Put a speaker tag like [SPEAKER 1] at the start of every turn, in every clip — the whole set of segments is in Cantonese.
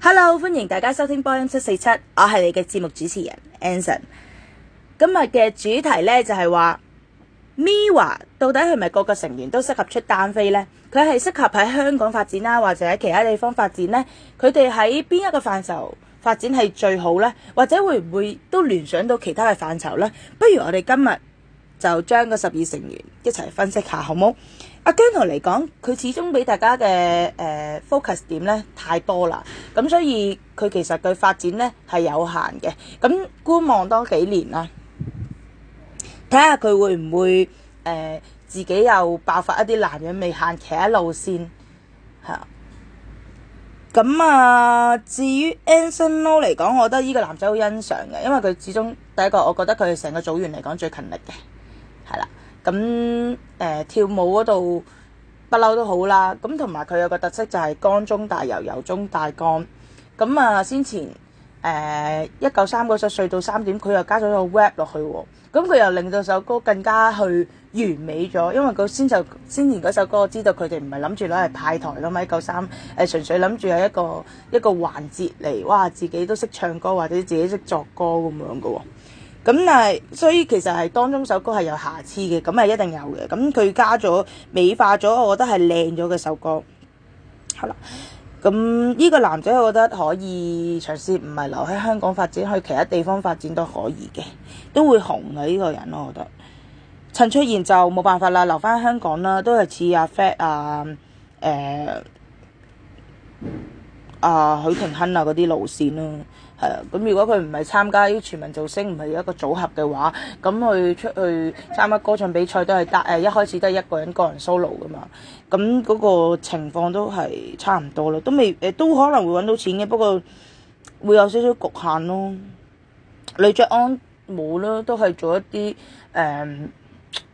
[SPEAKER 1] Hello，歡迎大家收聽波音七四七，我係你嘅節目主持人 Anson。今日嘅主題呢，就係話，Mirror 到底係咪各個成員都適合出單飛呢？佢係適合喺香港發展啦，或者喺其他地方發展呢？佢哋喺邊一個範疇發展係最好呢？或者會唔會都聯想到其他嘅範疇呢？不如我哋今日。就將個十二成員一齊分析下，好冇？阿姜濤嚟講，佢始終俾大家嘅誒、呃、focus 點咧太多啦，咁所以佢其實佢發展咧係有限嘅，咁觀望多幾年啦，睇下佢會唔會誒、呃、自己又爆發一啲男人未限期嘅路線，係咁啊，至於 Anson Lo 嚟講，我覺得呢個男仔好欣賞嘅，因為佢始終第一個，我覺得佢成個組員嚟講最勤力嘅。係啦，咁誒、呃、跳舞嗰度不嬲都好啦，咁同埋佢有，有個特色就係剛中帶柔，柔中帶剛。咁啊先前誒一九三嗰首《睡到三點》，佢又加咗個 rap 落去喎，咁佢又令到首歌更加去完美咗。因為佢先，先前先前嗰首歌，我知道佢哋唔係諗住攞嚟派台咯、呃，一九三誒純粹諗住係一個一個環節嚟，哇！自己都識唱歌或者自己識作歌咁樣嘅喎。咁但係，所以其實係當中首歌係有瑕疵嘅，咁係一定有嘅。咁佢加咗美化咗，我覺得係靚咗嘅首歌。好啦，咁呢個男仔我覺得可以嘗試，唔係留喺香港發展，去其他地方發展都可以嘅，都會紅嘅呢個人咯，我覺得。陳卓賢就冇辦法啦，留返香港啦，都係似阿 Fat 啊，誒、呃。啊，許廷鏗啊嗰啲路線咯，係啊，咁如果佢唔係參加啲全民造星，唔係一個組合嘅話，咁佢出去參加歌唱比賽都係得，誒、啊、一開始都係一個人個人 solo 噶嘛，咁嗰個情況都係差唔多咯，都未誒、呃、都可能會揾到錢嘅，不過會有少少局限咯。呂爵安冇啦，都係做一啲誒、呃、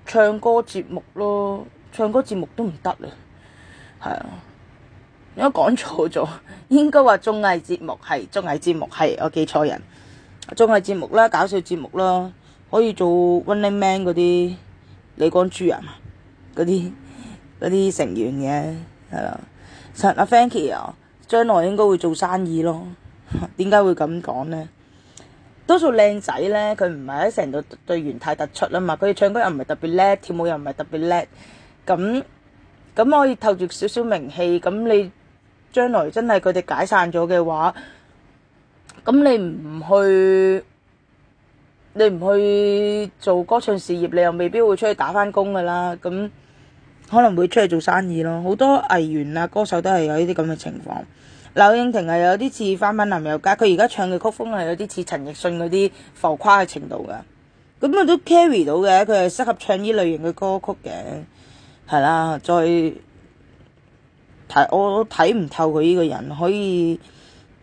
[SPEAKER 1] 唱歌節目咯，唱歌節目都唔得啊，係啊。我講錯咗，應該話綜藝節目，係綜藝節目，係我記錯人。綜藝節目啦，搞笑節目啦，可以做 Running Man 嗰啲，李光洙啊嘛，嗰啲嗰啲成員嘅係啦。實阿 Frankie 啊，you，將來應該會做生意咯。點解會咁講呢？多數靚仔呢，佢唔係喺成隊隊員太突出啦嘛，佢哋唱歌又唔係特別叻，跳舞又唔係特別叻，咁咁可以透住少少名氣，咁你。將來真係佢哋解散咗嘅話，咁你唔去，你唔去做歌唱事業，你又未必會出去打返工噶啦。咁可能會出去做生意咯。好多藝員啊，歌手都係有呢啲咁嘅情況。柳應廷係有啲似翻返林宥嘉，佢而家唱嘅曲風係有啲似陳奕迅嗰啲浮誇嘅程度噶。咁啊都 carry 到嘅，佢係適合唱呢類型嘅歌曲嘅，係啦，再。睇我都睇唔透佢呢個人，可以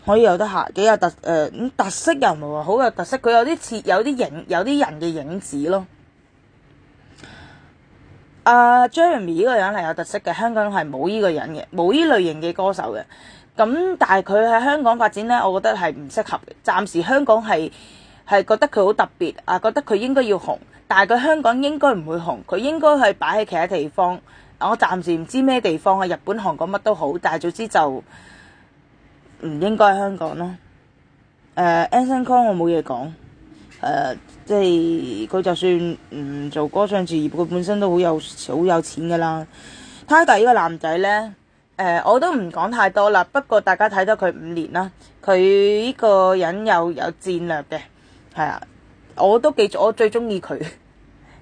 [SPEAKER 1] 可以有得嚇，幾有特誒咁、呃、特色又唔係話好有特色，佢有啲似有啲影有啲人嘅影子咯。啊、uh，Jeremy 呢個人係有特色嘅，香港係冇呢個人嘅，冇呢類型嘅歌手嘅。咁但係佢喺香港發展呢，我覺得係唔適合嘅。暫時香港係係覺得佢好特別啊，覺得佢應該要紅，但係佢香港應該唔會紅，佢應該係擺喺其他地方。我暫時唔知咩地方啊，日本、韓國乜都好，但係總之就唔應該香港咯。誒、uh,，Anson Kong 我冇嘢講，誒、uh,，即係佢就算唔做歌唱事業，佢本身都好有好有錢噶啦。Tiger 呢個男仔呢，誒、uh,，我都唔講太多啦。不過大家睇咗佢五年啦，佢呢個人有有戰略嘅，係啊，我都記住，我最中意佢。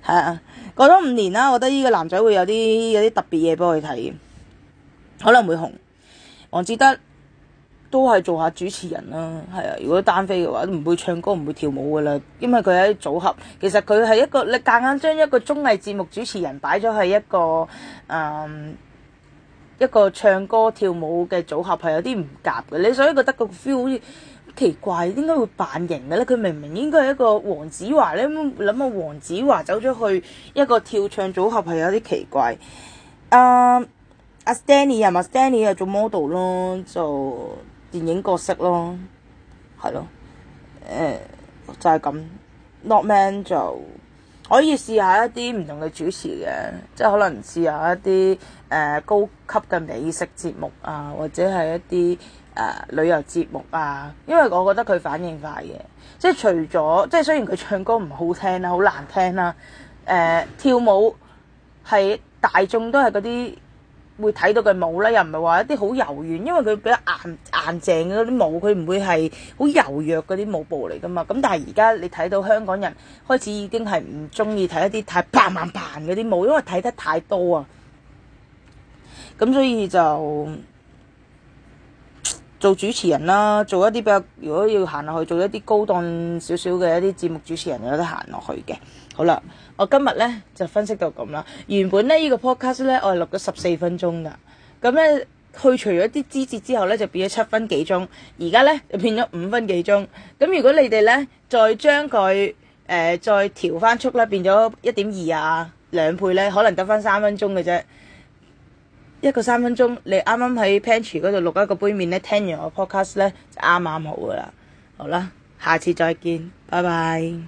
[SPEAKER 1] 係啊，過咗五年啦，我覺得呢個男仔會有啲有啲特別嘢幫佢睇，可能會紅。黃志德都係做下主持人啦，係啊，如果單飛嘅話，都唔會唱歌，唔會跳舞噶啦，因為佢喺組合。其實佢係一個，你夾硬將一個綜藝節目主持人擺咗喺一個，誒、嗯、一個唱歌跳舞嘅組合，係有啲唔夾嘅。你所以覺得個 feel 好似。奇怪，應該會扮型嘅咧，佢明明應該係一個黃子華咧，諗下黃子華走咗去一個跳唱組合，係有啲奇怪。啊、uh，阿 Stanley 係咪？Stanley 又做 model 咯，就電影角色咯，係咯，誒、呃、就係、是、咁。Not Man 就。可以試下一啲唔同嘅主持嘅，即係可能試下一啲誒、呃、高級嘅美食節目啊，或者係一啲誒、呃、旅遊節目啊，因為我覺得佢反應快嘅。即係除咗，即係雖然佢唱歌唔好聽啦，好難聽啦，誒、呃、跳舞係大眾都係嗰啲。會睇到嘅舞咧，又唔係話一啲好柔軟，因為佢比較硬硬淨嗰啲舞，佢唔會係好柔弱嗰啲舞步嚟㗎嘛。咁但係而家你睇到香港人開始已經係唔中意睇一啲太嘭、嘭嘭嗰啲舞，因為睇得太多啊。咁所以就～做主持人啦，做一啲比較，如果要行落去做一啲高檔少少嘅一啲節目主持人，有得行落去嘅。好啦，我今日呢就分析到咁啦。原本咧呢、呢個 podcast 呢，我係錄咗十四分鐘噶，咁呢，去除咗啲枝節之後呢，就變咗七分幾鐘，而家呢，就變咗五分幾鐘。咁如果你哋呢，再將佢誒、呃、再調翻速咧，變咗一點二啊兩倍呢，可能得翻三分鐘嘅啫。一個三分鐘，你啱啱喺 Pantry 嗰度錄一個杯麵咧，聽完我 Podcast 咧就啱啱好噶啦。好啦，下次再見，拜拜。